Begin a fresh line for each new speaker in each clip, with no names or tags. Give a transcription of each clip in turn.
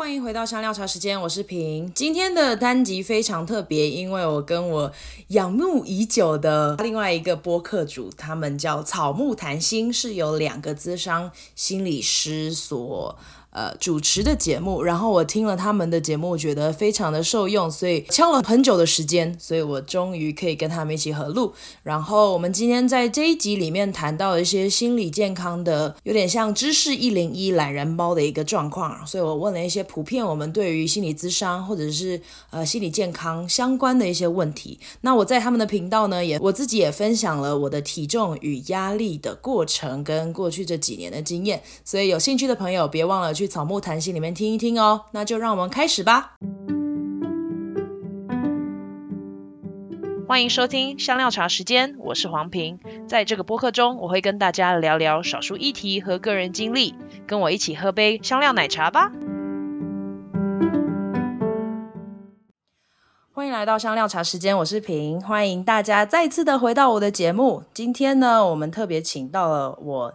歡迎回到香料茶時間，我是平。今天的單集非常特別，因為我跟我仰慕已久的另外一個播客主，他們叫草木談心，是由兩個諮商心理師所，呃，主持的節目，然後我聽了他們的節目，覺得非常的受用，所以敲了很久的時間，所以我終於可以跟他們一起合錄。然後我們今天在這一集裡面談到了一些心理健康的，有點像知識一零一懶人包的一個狀況，所以我問了一些普遍我們對於心理諮商或者是呃心理健康相關的一些問題。那我在他們的頻道呢，也我自己也分享了我的體重與壓力的過程跟過去這幾年的經驗，所以有興趣的朋友別忘了去。《草木談心》裡面聽一聽哦，那就讓我們開始吧。歡迎收聽香料茶時間，我是黃平。在這個播客中，我會跟大家聊聊少數議題和個人經歷，跟我一起喝杯香料奶茶吧。歡迎來到香料茶時間，我是平，歡迎大家再次的回到我的節目。今天呢，我們特別請到了我。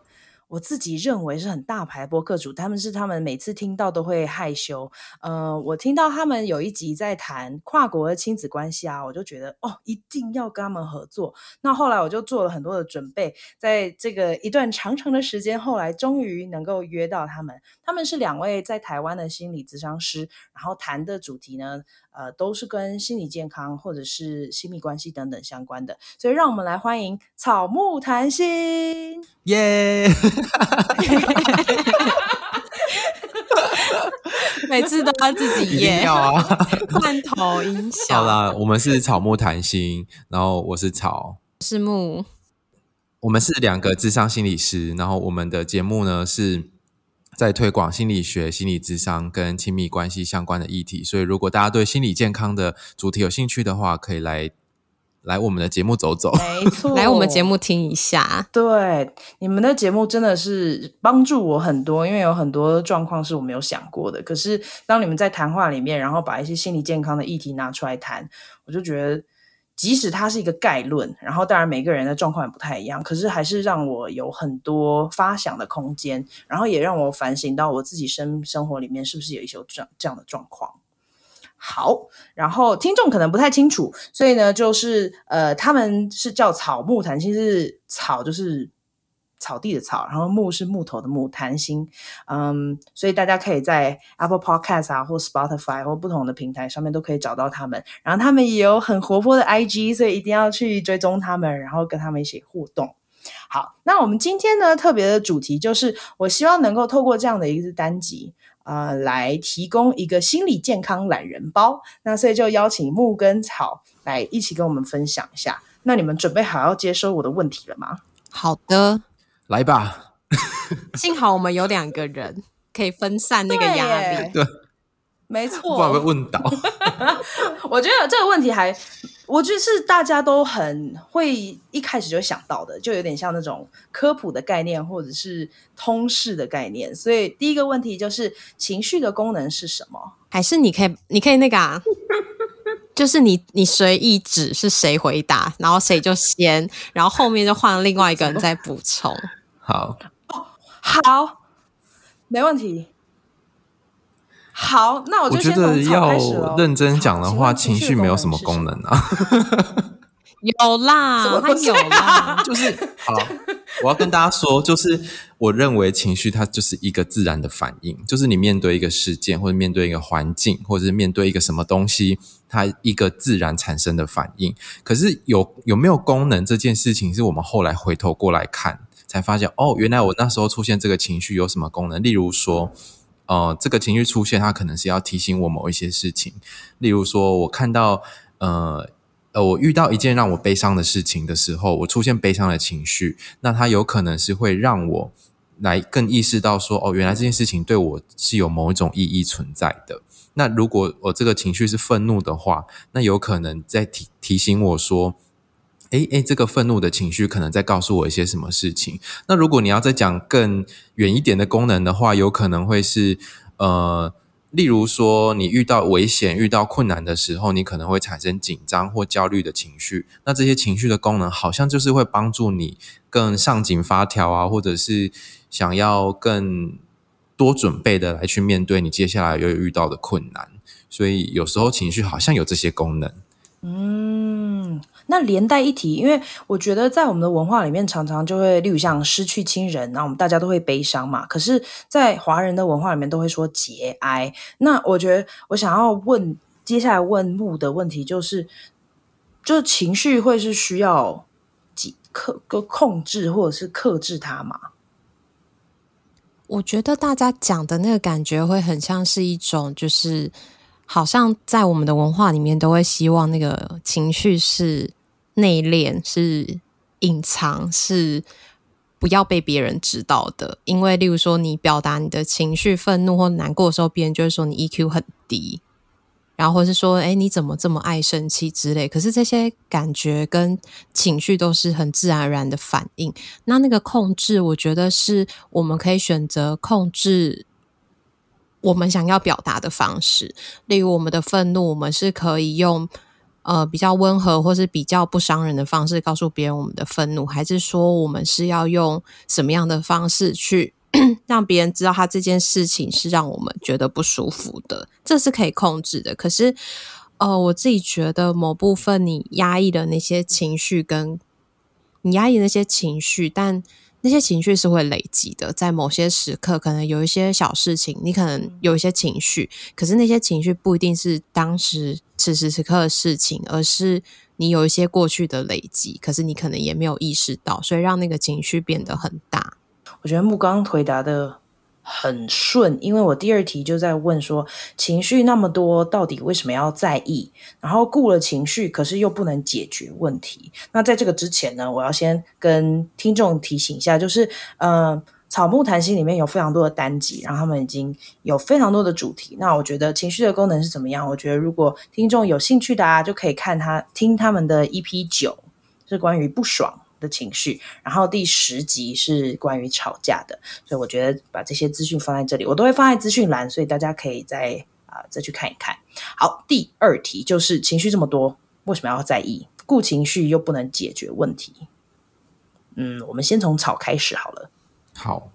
我自己認為是很大牌的播客主，他們是他們每次聽到都會害羞。呃，我聽到他們有一集在談跨國的親子關係啊，我就覺得哦，一定要跟他們合作。那後來我就做了很多的準備，在這個一段長長的時間，後來終於能夠約到他們。他們是兩位在台灣的心理諮商師，然後談的主題呢，呃，都是跟心理健康或者是親密關係等等相關的，所以讓我們來歡迎草木談心，耶、
yeah! 每次都要自己耶，罐、啊、 頭音
響，好啦，我們是草木談心，然後我是草，是木。我們是兩個諮商心理師，然後我們的節目呢是，在推廣心理學、心理諮商跟親密關係相關的議題，所以如果大家對心理健康的主題有興趣的話，可以來來我們的節目走走，
沒錯， 來我們節目聽一下。對，
你們的節目真的是幫助我很多，因為有很多狀況是我沒有想過的。可是當你們在談話裡面，然後把一些心理健康的議題拿出來談，我就覺得。即使它是一個概論，然後當然每個人的狀況也不太一樣，可是還是讓我有很多發想的空間，然後也讓我反省到我自己生生活裡面是不是有一些這樣這樣的狀況。好，然後聽眾可能不太清楚，所以呢，就是呃，他們是叫草木談心，其實草就是。草地的草，然後木是木頭的木，談心，嗯，所以大家可以在 Apple Podcast 啊，或 Spotify 或不同的平台上面都可以找到他們。然後他們也有很活潑的 IG，所以一定要去追蹤他們，然後跟他們一起互動。好，那我們今天呢，特別的主題就是，我希望能夠透過這樣的一個單集啊，呃，來提供一個心理健康懶人包。那所以就邀請木跟草來一起跟我們分享一下。那你們準備好要接收我的問題了嗎？好的。
來吧！
幸好我們有兩個人可以分散那個壓力。對，
對，沒錯。我會問倒。
我覺得這個問題還，
我覺得是大家都很會一開始就想到的，就有點像那種科普的概念或者是通識的概念。所以第一個問題就是：情緒的功能是什麼？
還是你可以，你可以那個啊， 就是你你隨意指是誰回答，然後誰就先，然後後面就換另外一個人再補充。
好哦，好，沒問題。好，那我，我覺得要認
真講的話，的情緒沒有什麼功能啊。是是
有啦，怎麼會有啦。 就是
好， 我要跟大家說，就是我認為情緒它就是一個自然的反應，就是你面對一個事件，或者面對一個環境，或者是面對一個什麼東西，它一個自然產生的反應。可是有有沒有功能這件事情，是我們後來回頭過來看。才發現哦，原來我那時候出現這個情緒有什麼功能？例如說，呃，這個情緒出現，它可能是要提醒我某一些事情。例如說，我看到呃呃，我遇到一件讓我悲傷的事情的時候，我出現悲傷的情緒，那它有可能是會讓我來更意識到說，哦，原來這件事情對我是有某一種意義存在的。那如果我這個情緒是憤怒的話，那有可能在提提醒我說，哎、欸、哎、欸，這個憤怒的情緒可能在告訴我一些什麼事情。那如果你要再講更遠一點的功能的話，有可能會是呃，例如說你遇到危險、遇到困難的時候，你可能會產生緊張或焦慮的情緒。那這些情緒的功能，好像就是會幫助你更上緊發條啊，或者是想要更多準備的來去面對你接下來又有遇到的困難。所以有時候情緒好像有這些功能，嗯。
那連帶一提，因為我覺得在我們的文化裡面，常常就會例如像失去親人，然後我們大家都會悲傷嘛。可是，在華人的文化裡面，都會說節哀。那我覺得，我想要問接下來問木的問題，就是，就情緒會是需要幾克，克控制，或者是克
制它嗎？我覺得大家講的那個感覺，會很像是一種就是。好像在我們的文化裡面，都會希望那個情緒是內斂、是隱藏、是不要被別人知道的。因為，例如說，你表達你的情緒、憤怒或難過的時候，別人就會說你 EQ 很低，然後或是說，哎、欸，你怎麼這麼愛生氣之類。可是，這些感覺跟情緒都是很自然而然的反應。那那個控制，我覺得是我們可以選擇控制。我們想要表達的方式，例如我們的憤怒，我們是可以用呃比較溫和或是比較不傷人的方式告訴別人我們的憤怒，還是說我們是要用什麼樣的方式去 讓別人知道他這件事情是讓我們覺得不舒服的？這是可以控制的。可是，呃，我自己覺得某部分你壓抑的那些情緒，跟你壓抑那些情緒，但。那些情緒是會累積的，在某些時刻，可能有一些小事情，你可能有一些情緒，可是那些情緒不一定是當時此時此刻的事情，而是你有一些過去的累積，可是你可能也沒有意識到，所以讓那個情緒變得很大。我覺得木剛剛回答的很順，因為我第二題就
在問說，情緒那麼多，到底為什麼要在意？然後顧了情緒，可是又不能解決問題。那在這個之前呢，我要先跟聽眾提醒一下，就是，呃，草木談心裡面有非常多的單集，然後他們已經有非常多的主題。那我覺得情緒的功能是怎麼樣？我覺得如果聽眾有興趣的啊，就可以看他，聽他們的一批酒 EP9。是關於不爽。的情緒，然後第十集是關於吵架的，所以我覺得把這些資訊放在這裡，我都會放在資訊欄，所以大家可以再啊、呃、再去看一看。好，第二題就是情緒這麼多，為什麼要在意？顧情緒又不能解決問題。嗯，我們先從吵開始好了。
好，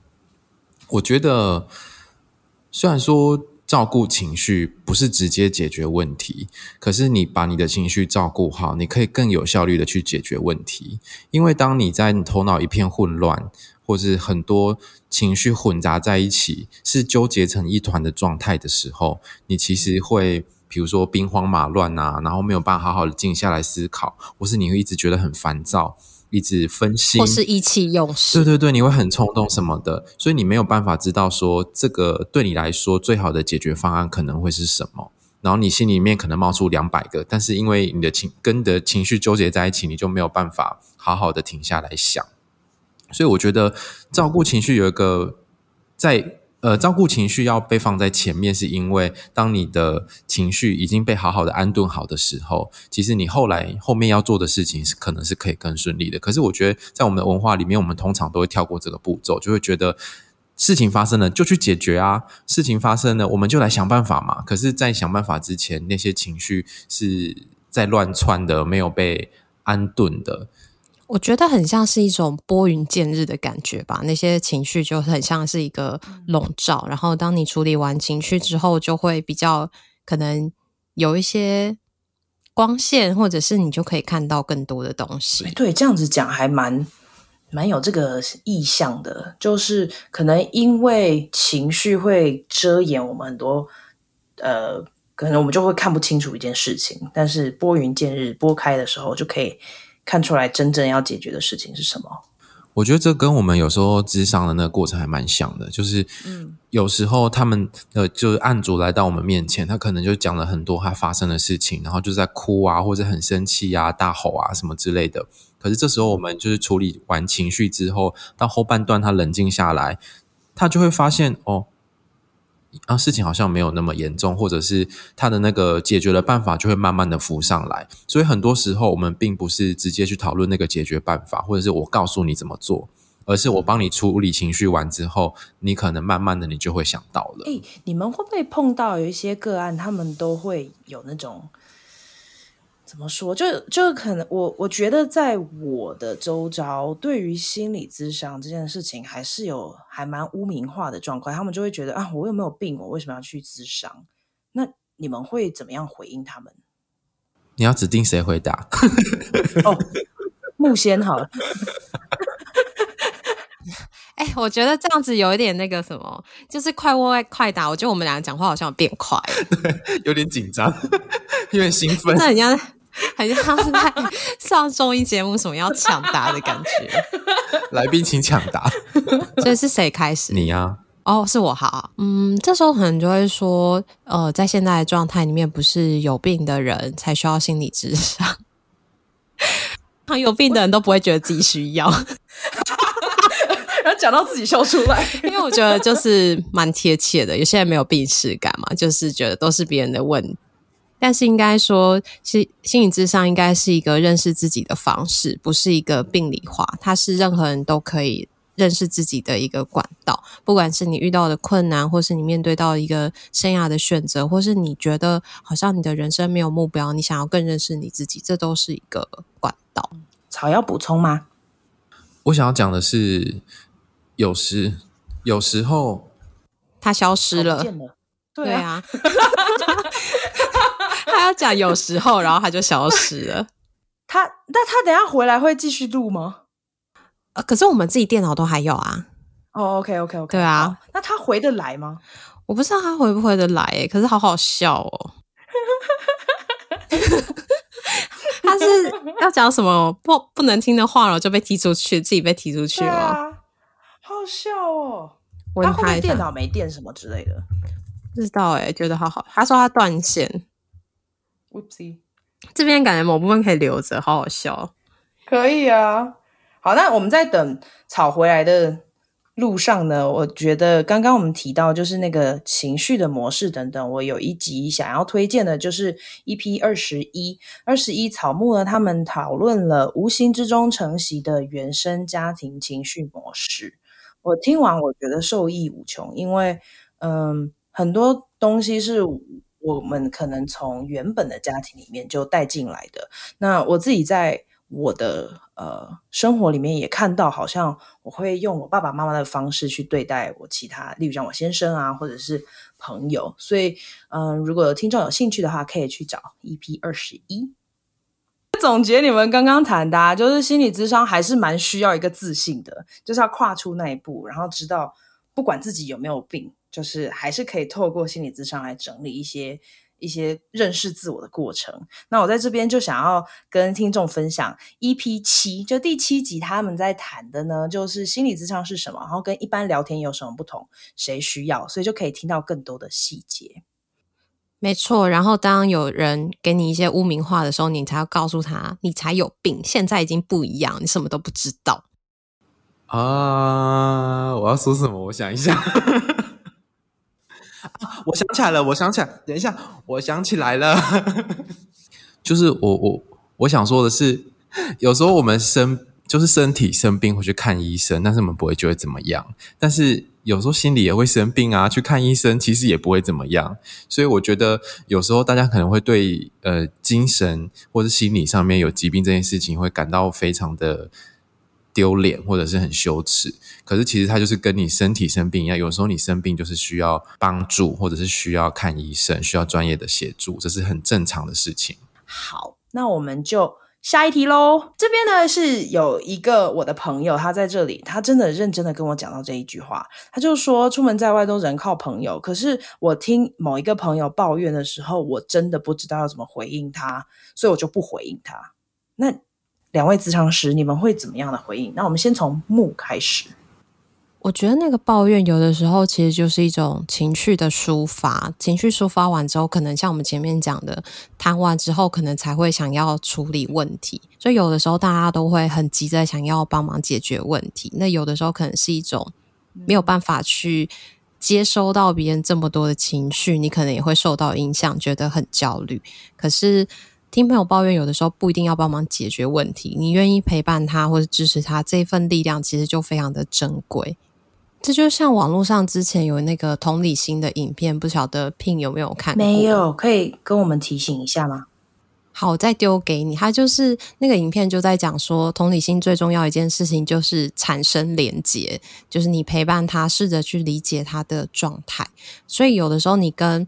我覺得雖然說。照顧情緒不是直接解決問題，可是你把你的情緒照顧好，你可以更有效率地去解決問題。因為當你在你頭腦一片混亂，或是很多情緒混雜在一起，是糾結成一團的狀態的時候，你其實會，比如說兵荒馬亂啊，然後沒有辦法好好的靜下來思考，或是你會一直覺得很煩躁。一直分心，或是意
氣用事。對
對對，你會很衝動什麼的，所以你沒有辦法知道說這個對你來說最好的解決方案可能會是什麼。然後你心裡面可能冒出兩百個，但是因為你的情跟你的情緒糾結在一起，你就沒有辦法好好的停下來想。所以我覺得照顧情緒有一個在、嗯。呃，照顧情緒要被放在前面，是因為當你的情緒已經被好好的安頓好的時候，其實你後來後面要做的事情是可能是可以更順利的。可是我覺得，在我們的文化裡面，我們通常都會跳過這個步驟，就會覺得事情發生了就去解決啊，事情發生了我們就來想辦法嘛。可是，在想辦法之前，那些情緒是在亂竄的，沒有被安頓的。
我覺得很像是一種撥雲見日的感覺吧，那些情緒就很像是一個籠罩，然後當你處理完情緒之後，就會比較可能有一些光線，或者是你就可以看到更多的東西。對，這樣子講還蠻蠻有這個
意象的，就是可能因為情緒會遮掩我們很多，呃，可能我們就會看不清楚一件事情，但是撥雲見日撥開的時候就可以。看出來真正要解決的事情是什麼？
我覺得這跟我們有時候諮商的那個過程還蠻像的，就是，嗯，有時候他們呃，就是案主來到我們面前，他可能就講了很多他發生的事情，然後就在哭啊，或者很生氣啊、大吼啊什麼之類的。可是這時候我們就是處理完情緒之後，到後半段他冷靜下來，他就會發現哦。啊，事情好像沒有那麼嚴重，或者是他的那個解決的辦法就會慢慢的浮上來。所以很多時候我們並不是直接去討論那個解決辦法，或者是我告訴你怎麼做，而是我幫你處理情緒完之後，你可能慢慢的你就會想到
了。欸，你們會不會碰到有一些個案，他們都會有那種？怎麼說？就就可能我我覺得在我的周遭，對於心理諮商這件事情，還是有還蠻污名化的狀況。他們就會覺得啊，我有沒有病？我為什麼要去諮商？那你們會怎麼樣回應他們？
你要指定誰回答
哦，木先好了。哎、 欸，我覺得這樣子有一點那個什麼，就是快問快答。我覺得我們兩個講話好像變快，
有點緊張，有點興奮。那人家。
很像他是在上綜藝節目，什麼要搶答的感覺。 來賓，請搶答。這 是誰開始？你呀、啊？哦、oh，是我哈。嗯，這時候可能就會說，呃，在現在的狀態裡面，不是有病的人才需要心理諮商。 有病的人都不會覺得自己需要， 然後講到自己笑出來。 因為我覺得就是蠻貼切的，有些人沒有病恥感嘛，就是覺得都是別人的問題。但是應該說是心理諮商，應該是一個認識自己的方式，不是一個病理化。它是任何人都可以認識自己的一個管道。不管是你遇到的困難，或是你面對到一個生涯的選擇，或是你覺得好像你的人生沒有目標，你想要更認識你自己，這都是一個管道。草要補充嗎？
我想要講的是，有時有時候
它消失了，了，對啊。對啊 他要講有時候，然後他就消失
了。 他那他等一下回來會繼續錄嗎？
啊、呃，可是我們自己電腦都還有啊。
哦、oh,，OK OK OK 對、啊。對啊，那他回得來嗎？
我不知道他回不回得來、欸、可是好好笑哦、喔。 他是要講什麼不不能聽的話了，就被踢出去，自己被踢出去了、喔啊。好，
好笑哦、
喔。他會不會電腦
沒電什麼之類的？
不知道哎、欸，覺得好好。他說他斷線。w 這邊感覺某部分可以留着，好好笑。
可以啊，好，那我們在等草回來的路上呢，我覺得剛剛我們提到就是那個情緒的模式等等，我有一集想要推薦的，就是 Ep21 二十一草木呢，他們討論了無形之中承襲的原生家庭情緒模式。我聽完我覺得受益無窮，因為嗯，很多東西是。我們可能從原本的家庭裡面就帶進來的。那我自己在我的呃生活裡面也看到，好像我會用我爸爸媽媽的方式去對待我其他，例如像我先生啊，或者是朋友。所以，嗯、呃，如果聽眾有興趣的話，可以去找 EP 二十一。總結你們剛剛談的、啊，就是心理諮商還是蠻需要一個自信的，就是要跨出那一步，然後知道不管自己有沒有病。就是還是可以透過心理諮商來整理一些一些認識自我的過程。那我在這邊就想要跟聽眾分享 EP 七，就第七集他們在談的呢，就是心理諮商是什麼，然後跟一般聊天有什麼不同，誰需要，所以就可以聽到更多的細節。
沒錯，然後當有人給你一些污名化的時候，你才要告訴他，你才有病。現在已經不一樣，你什麼都不知道
啊！Uh, 我要說什麼？我想一想。 啊、我想起來了，我想起來，等一下，我想起來了， 就是我我我想說的是，有時候我們生就是身體生病會去看醫生，但是我們不會覺得怎麼樣；但是有時候心裡也會生病啊，去看醫生，其實也不會怎麼樣。所以我覺得有時候大家可能會對呃精神或是心理上面有疾病這件事情會感到非常的。丟臉或者是很羞恥，可是其實他就是跟你身體生病一樣，有時候你生病就是需要幫助，或者是需要看醫生，需要專業的協助，這是很正常的事情。
好，那我們就下一題嘍。這邊呢是有一個我的朋友，他在這裡，他真的認真的跟我講到這一句話，他就說：“出門在外都人靠朋友。”可是我聽某一個朋友抱怨的時候，我真的不知道要怎麼回應他，所以我就不回應他。
那。兩位諮商師，你們會怎麼樣的回應？那我們先從木開始。我覺得那個抱怨有的時候其實就是一種情緒的抒發，情緒抒發完之後，可能像我們前面講的，談完之後，可能才會想要處理問題。所以有的時候大家都會很急著想要幫忙解決問題。那有的時候可能是一種沒有辦法去接收到別人這麼多的情緒，你可能也會受到影響，覺得很焦慮。可是。聽朋友抱怨，有的時候不一定要幫忙解決問題，你願意陪伴他或者支持他，這份力量其實就非常的珍貴。這就像網絡上之前有那個同理心的影片，不曉得 Ping 有沒有看？沒有，可以跟我們提醒一下嗎？好，再丟給你。他就是那個影片，就在講說同理心最重要一件事情就是產生連結，就是你陪伴他，試着去理解他的狀態。所以有的時候你跟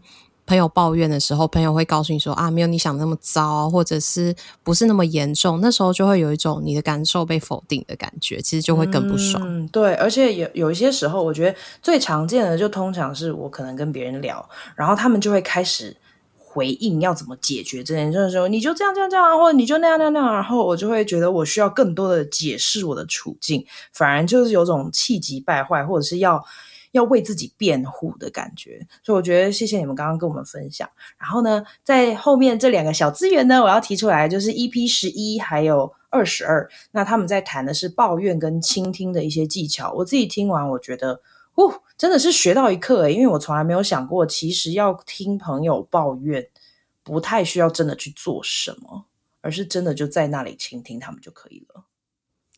朋友抱怨的時候，朋友會告訴你說：“啊，沒有你想的那麼糟，或者是不是那麼嚴重？”那時候就會有一種你的感受被否定的感覺，其實就會更不爽。嗯，
對。而且有有一些時候，我覺得最常見的就通常是我可能跟別人聊，然後他們就會開始回應要怎麼解決這件事的時候，你就這樣這樣這樣，或者你就那樣那樣那樣，然後我就會覺得我需要更多的解釋我的處境，反而就是有種氣急敗壞，或者是要。要為自己辯護的感覺，所以我覺得謝謝你們剛剛跟我們分享。然後呢，在後面這兩個小資源呢，我要提出來，就是 EP 十一還有二十二。那他們在談的是抱怨跟傾聽的一些技巧。我自己聽完，我覺得哦，真的是學到一課誒，因為我從來沒有想過，其實要聽朋友抱怨，不太需要真的去做什麼，而是真的就在那裡傾聽他們就可以了。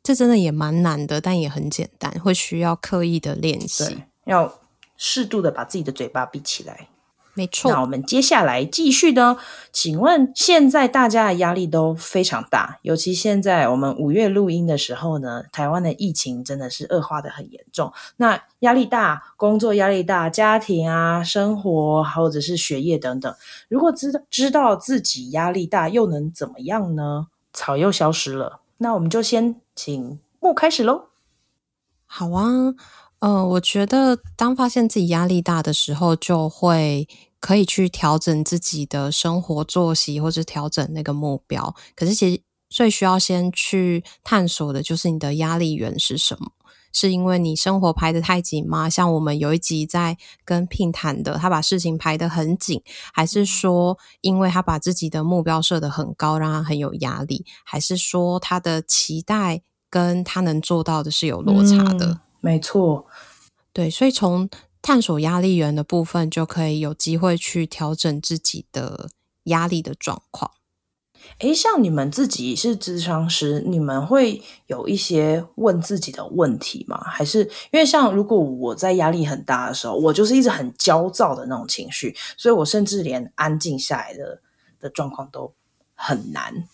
這真的也蠻難的，但也很簡單，會需要刻意的練習。
要適度的把自己的嘴巴閉起來，沒錯。那我們接下來繼續呢，請問現在大家的壓力都非常大，尤其現在我們五月錄音的時候呢，台灣的疫情真的是惡化得很嚴重。那壓力大，工作壓力大，家庭啊，生活或者是學業等等，如果知道知道自己壓力大，又能怎麼樣呢？草又消失了。那我們就先請木開始嘍。
好啊。嗯，我覺得當發現自己壓力大的時候，就會可以去調整自己的生活作息，或是調整那個目標。可是，其實最需要先去探索的就是你的壓力源是什麼？是因為你生活排得太緊嗎？像我們有一集在跟 Ping 談的，他把事情排得很緊，還是說因為他把自己的目標設得很高，讓他很有壓力？還是說他的期待跟他能做到的是有落差的？嗯沒錯，對，所以從探索壓力源的部分，就可以有機會去調整自己的壓力的狀況。誒，像你們自己
是諮商師，你們會有一些問自己的問題嗎？還是因為像如果我在壓力很大的時候，我就是一直很焦躁的那種情緒，所以我甚至連安靜下來的的狀況都很難。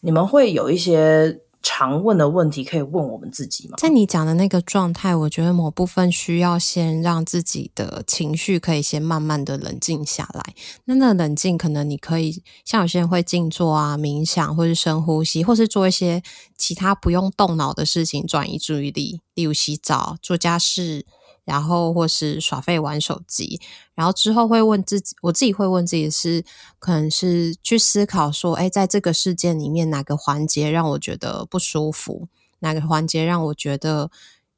你們會有一些？常問的問題可以問我們自己嗎？
在你講的那個狀態，我覺得某部分需要先讓自己的情緒可以先慢慢的冷靜下來。那那冷靜，可能你可以像有些人會靜坐啊、冥想，或是深呼吸，或是做一些其他不用動腦的事情，轉移注意力，例如洗澡、做家事。然後，或是耍廢玩手機，然後之後會問自己，我自己會問自己是，是可能是去思考說，哎，在這個事件裡面，哪個環節讓我覺得不舒服？哪個環節讓我覺得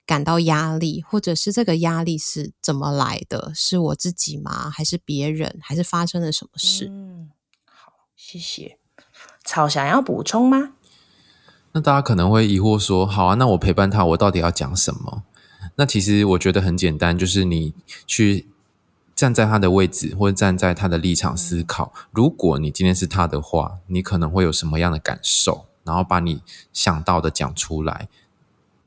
感到壓力？或者是這個壓力是怎麼來的？是我自己嗎？還是別人？還是發生了什麼事？嗯，好，謝謝。草想要補充嗎？
那大家可能會疑惑說，好啊，那我陪伴他，我到底要講什麼？那其實我覺得很簡單，就是你去站在他的位置，或者站在他的立場思考。如果你今天是他的話，你可能會有什麼樣的感受？然後把你想到的講出來。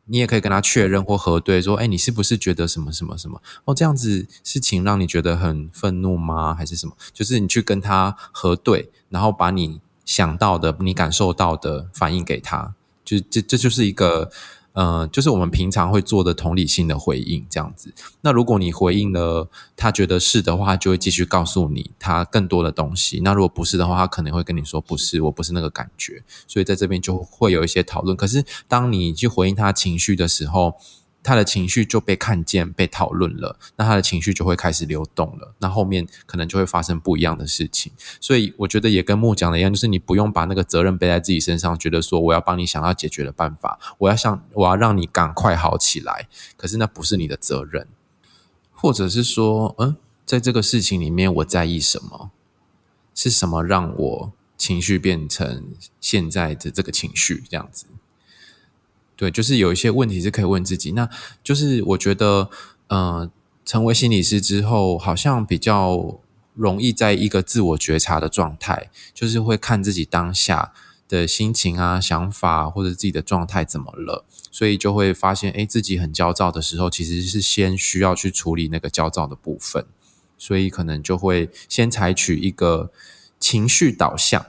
你也可以跟他確認或核對，說：“哎，你是不是覺得什麼什麼什麼？哦，這樣子事情讓你覺得很憤怒嗎？還是什麼？”就是你去跟他核對，然後把你想到的、你感受到的反應給他。就這，這就，就，就，就是一個。嗯、呃，就是我們平常會做的同理心的回應這樣子。那如果你回應了，他覺得是的話，就會繼續告訴你他更多的東西。那如果不是的話，他可能會跟你說不是，我不是那個感覺。所以在這邊就會有一些討論。可是當你去回應他情緒的時候。他的情緒就被看見、被討論了，那他的情緒就會開始流動了，那後面可能就會發生不一樣的事情。所以我覺得也跟木講的一樣，就是你不用把那個責任背在自己身上，覺得說我要幫你想要解決的辦法，我要想我要讓你趕快好起來，可是那不是你的責任。或者是說，嗯，在這個事情裡面，我在意什麼？是什麼讓我情緒變成現在的這個情緒這樣子？對，就是有一些問題是可以問自己。那就是我覺得，嗯、呃，成為心理師之後，好像比較容易在一個自我覺察的狀態，就是會看自己當下的心情啊、想法啊，或者自己的狀態怎麼了，所以就會發現，誒，自己很焦躁的時候，其實是先需要去處理那個焦躁的部分，所以可能就會先採取一個情緒導向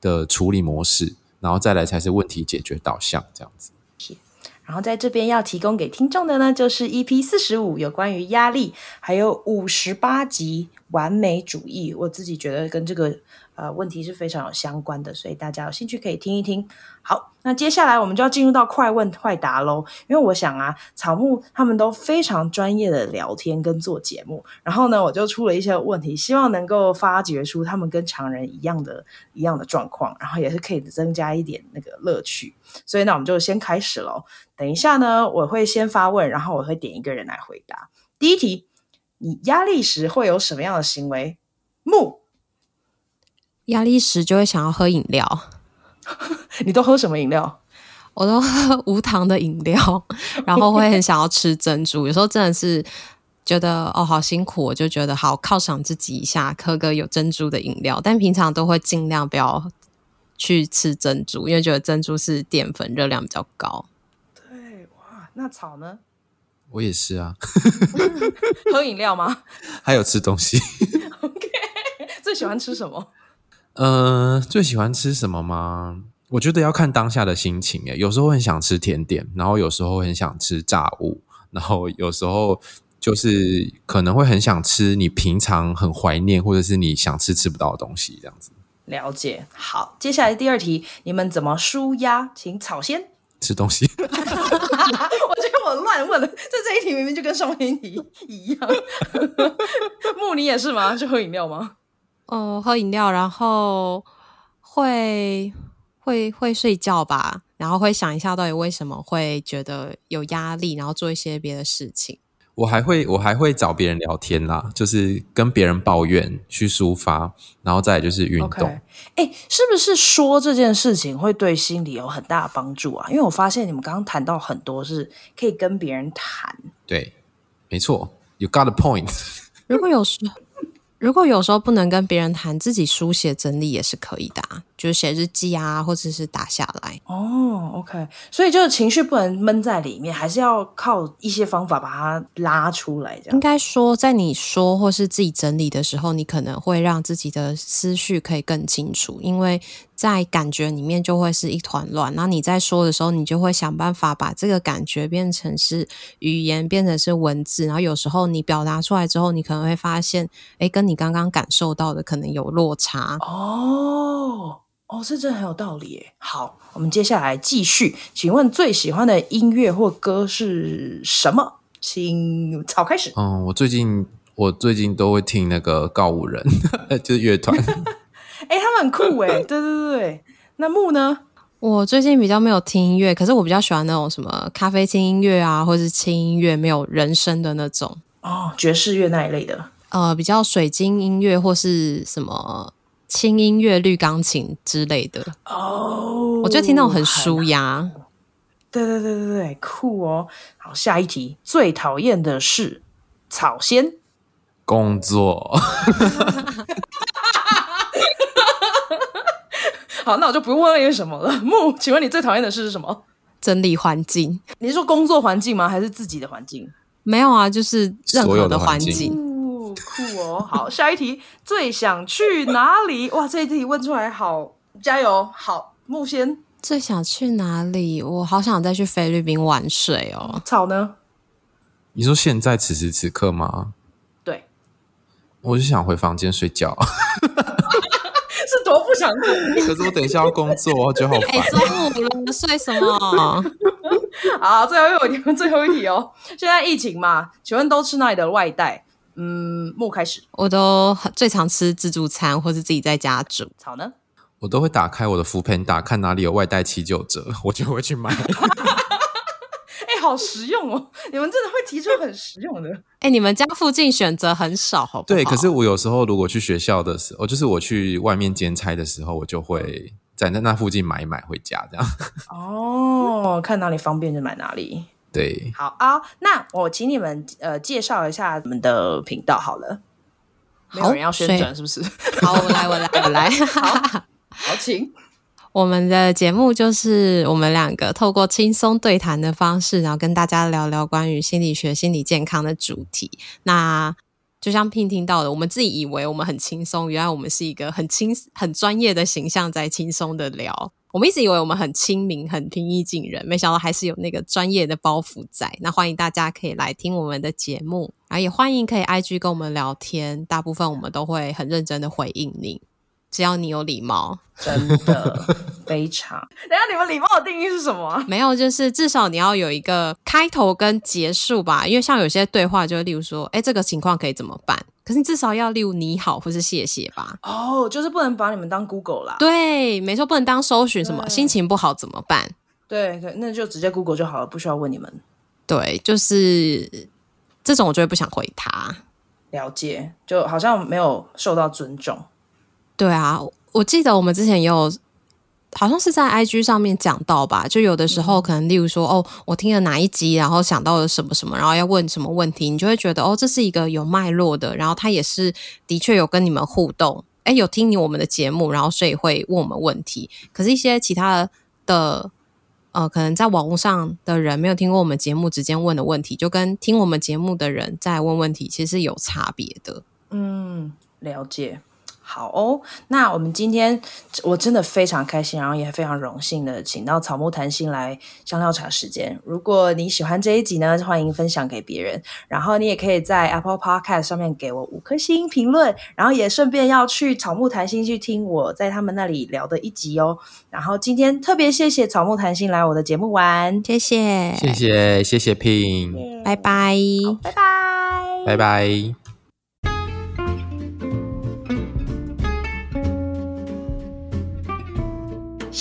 的處理模式，然後再來才是問題解決導向，這樣子。
然後在這邊要提供給聽眾的呢，就是 EP 四十五有關於壓力，還有五十八集完美主義。我自己覺得跟這個。呃，問題是非常有相關的，所以大家有興趣可以聽一聽。好，那接下來我們就要進入到快問快答嘍，因為我想啊，草木他們都非常專業的聊天跟做節目，然後呢，我就出了一些問題，希望能夠發掘出他們跟常人一樣的一樣的狀況，然後也是可以增加一點那個樂趣。所以呢，我們就先開始嘍。等一下呢，我會先發問，然後我會點一個人來回答。第一題，你壓力時會有什麼樣的行為？
木。壓力時就會想要喝飲料， 你都喝什麼飲料？我都喝無糖的飲料，然後會很想要吃珍珠。Okay. 有時候真的是覺得哦好辛苦，我就覺得好犒賞自己一下，喝個有珍珠的飲料。但平常都會儘量不要去吃珍珠，因為覺得珍珠是澱粉，熱量比較高。
對，哇，那草呢？
我也是啊， 嗯，
喝飲料嗎？
還有
吃東西。
OK，最喜歡吃什麼？
嗯、呃，最喜歡吃什麼嗎？我覺得要看當下的心情耶。誒，有時候很想吃甜點，然後有時候很想吃炸物，然後有時候就是可能會很想吃你平常很懷念或者是你想吃吃不到的東西，這樣子。
了解。好，接下來第二題，你們怎麼紓壓？請草先吃東西。 我覺得我亂問了，這這一題明明就跟上一題一樣。木 你也是嗎？去喝飲料嗎？
哦，喝飲料，然後會會會睡覺吧，然後會想一下到底為什麼會覺得有壓力，然後做一些別的事情。
我還會，我還會找別人聊天啦，就是跟別人抱怨，嗯、去抒發，然後再來就是運動。哎、
okay. 欸，是不是說這件事情會對心理有很大的幫助啊？因為我發現你們剛剛談到很多是可以跟別人談。
對，沒錯，You got a point。
如果有說。 如果有時候不能跟別人談，自己書寫整理也是可以的啊。就寫日記啊，或者是打下來
哦。Oh, OK，所以就是情緒不能悶在裡面，還是要靠一些方法把它拉出來這樣。應該
說，在你說或是自己整理的時候，你可能會讓自己的思緒可以更清楚，因為在感覺裡面就會是一團亂。那你在說的時候，你就會想辦法把這個感覺變成是語言，變成是文字。然後有時候你表達出來之後，你可能會發現，哎、欸，跟你剛剛感受到的可能有落差哦。Oh.
哦，這真的很有道理。好，我們接下來繼續。請問最喜歡的音樂或歌是什麼？請草，開始。
嗯，我最近我最近都會聽那個告五人呵呵，就是樂團。
哎、 欸，他們很酷哎。 對對對，對，那木呢？我最近比較沒有聽音樂，可是我比較喜歡那種什麼咖啡廳音樂啊，或是輕音樂，沒有人聲的那種。哦，爵士樂那一類的。呃，比較水晶音樂或是什麼。輕音樂、綠鋼琴之類的哦
，oh, 我就聽那種
很舒壓，啊。
對對對對酷哦！好，下一題最討厭的事，草仙
工作。
好，那我就不用問為什麼了。木，請問你最討厭的事是什麼？整理環境。你是說工作環境嗎？還是自己的環境？
沒有啊，就是任何的環境。酷
哦，好，下一題，最想去
哪裡？哇，這一題問出來，好，加油！好，木先最想去哪裡？我好想再去菲律賓玩水哦。草呢？你
說現在此時此刻嗎？對，我就想回房間睡覺，
是多不想動。
可是我等一下要工作就， 欸、我覺得好煩。中
午了，睡什麼？
好，
最後一題，最後一題哦。現在
疫情嘛，請問都吃哪裡的外帶？嗯，木開始，我都最常吃自助餐，或是自己在家煮。草呢？
我都會打開我的 Foodpanda，看哪裡有外帶七九折，我就會去買。
哎、 欸，好實用哦！ 你們真的會提出很實用的。哎、 欸，你們家附近選擇很少，好不好？對，可
是我有時候如果去學校的時候，就是我去外面兼差的時候，我就會在那那附近買一買回家
這樣。哦，看哪裡方便就買哪裡。對，好啊，哦，那我請你們呃介紹一下我們的頻道好了。好，沒有人要宣傳是不
是？好，我來，我來，我來 好。好，請。我們的節目就是我們兩個透過輕鬆對談的方式，然後跟大家聊聊關於心理學、心理健康的主題。那就像 Ping 聽到的，我們自己以為我們很輕鬆，原來我們是一個很輕、很專業的形象，在輕鬆的聊。我們一直以為我們很親民、很平易近人，沒想到還是有那個專業的包袱在。那歡迎大家可以來聽我們的節目，然後也歡迎可以 IG 跟我們聊天，大部分我們都會很認真的回應你，只要你有禮貌，真的非常。 等下你們禮貌的定義是什麼啊？沒有，就是至少你要有一個開頭跟結束吧，因為像有些對話，就會例如說，哎，這個情況可以怎麼辦？可是你至少要例如你好或是謝謝吧。
哦，就是不能把你們當 Google 啦。
對，沒錯，不能當搜尋什麼。心情不好怎麼辦？
對對，那就直接 Google 就好了，不需要問你們。
對，就是這種，我就會不想回他。
了解，就好像沒有受到尊重。
對啊，我記得我們之前也有。好像是在 IG 上面講到吧，就有的時候可能，例如說，嗯，哦，我聽了哪一集，然後想到了什麼什麼，然後要問什麼問題，你就會覺得，哦，這是一個有脈絡的，然後他也是的確有跟你們互動，哎，有聽你我們的節目，然後所以會問我們問題。可是，一些其他的，的，呃，可能在網絡上的人沒有聽過我們節目之間問的問題，就跟聽我們節目的人在問問題，其實是有差別的。
嗯，了解。好哦，那我們今天我真的非常開心，然後也非常榮幸的請到草木談心來香料茶時間。如果你喜歡這一集呢，歡迎分享給別人，然後你也可以在 Apple Podcast 上面給我五顆星評論，然後也順便要去草木談心去聽我在他們那裡聊的一集哦。然後今天特別謝謝草木談心來我的節目玩，謝謝謝
謝謝謝 Ping，
拜拜
拜拜拜拜。